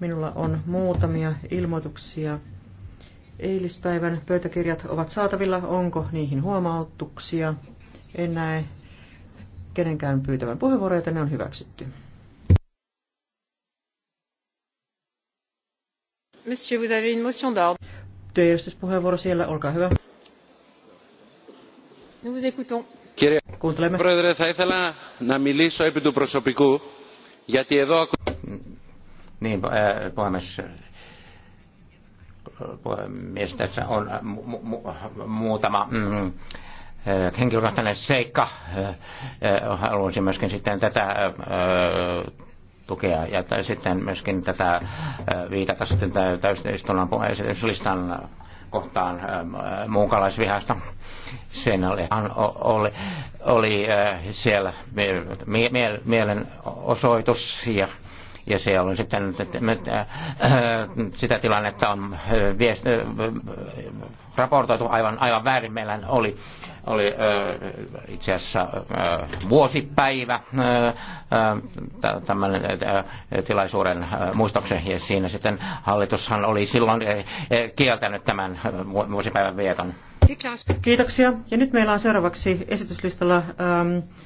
Minulla on muutamia ilmoituksia. Eilispäivän pöytäkirjat ovat saatavilla. Onko niihin huomautuksia? En näe kenenkään pyytävän puheenvuoroja, joten ne on hyväksytty. Monsieur, vous avez une motion d'ordre. Työjärjestyspuheenvuoro siellä, olkaa hyvä. Nous vous écoutons. Κύριε Πρόεδρε, θα ήθελα να μιλήσω επί του προσωπικού, γιατί εδώ niin, puhemies, puhemies tässä on mu- mu- muutama mm, henkilökohtainen seikka. Haluaisin myöskin sitten tätä tukea ja sitten myöskin tätä viitata sitten täysistunnan puheenjohtajan kohtaan muukalaisvihasta. Sen oli, oli, oli siellä mielenosoitus ja ja se on sitten äh, sitä tilannetta on äh, viest, äh, raportoitu aivan, aivan väärin. Meillä oli, oli itse asiassa vuosipäivä tämän tilaisuuden muistoksen ja siinä sitten hallitushan oli silloin kieltänyt tämän vuosipäivän vieton. Kiitoksia. Ja nyt meillä on seuraavaksi esityslistalla ähm,